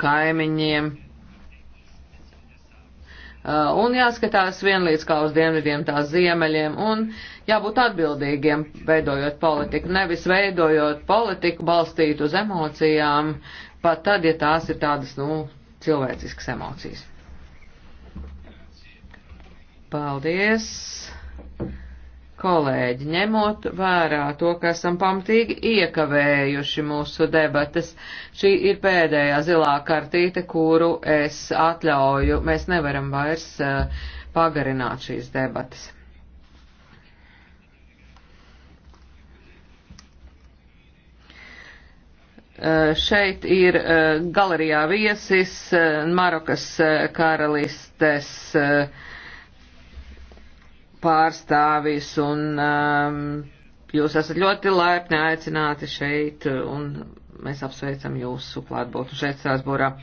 kaimiņiem. Uh, un jāskatās vienlīdz kā uz dienvidiem, tā ziemeļiem, un jābūt atbildīgiem, veidojot politiku, nevis veidojot politiku balstīt uz emocijām, pat tad, ja tās ir tādas, nu, cilvēciskas emocijas. Paldies! kolēģi, ņemot vērā to, ka esam pamatīgi iekavējuši mūsu debatas, šī ir pēdējā zilā kartīte, kuru es atļauju. Mēs nevaram vairs eh, pagarināt šīs debatas. Eh, šeit ir eh, galerijā viesis Marokas karalistes pārstāvis un um, jūs esat ļoti laipni aicināti šeit un mēs apsveicam jūsu klātbūtni šeit Strasbūrā.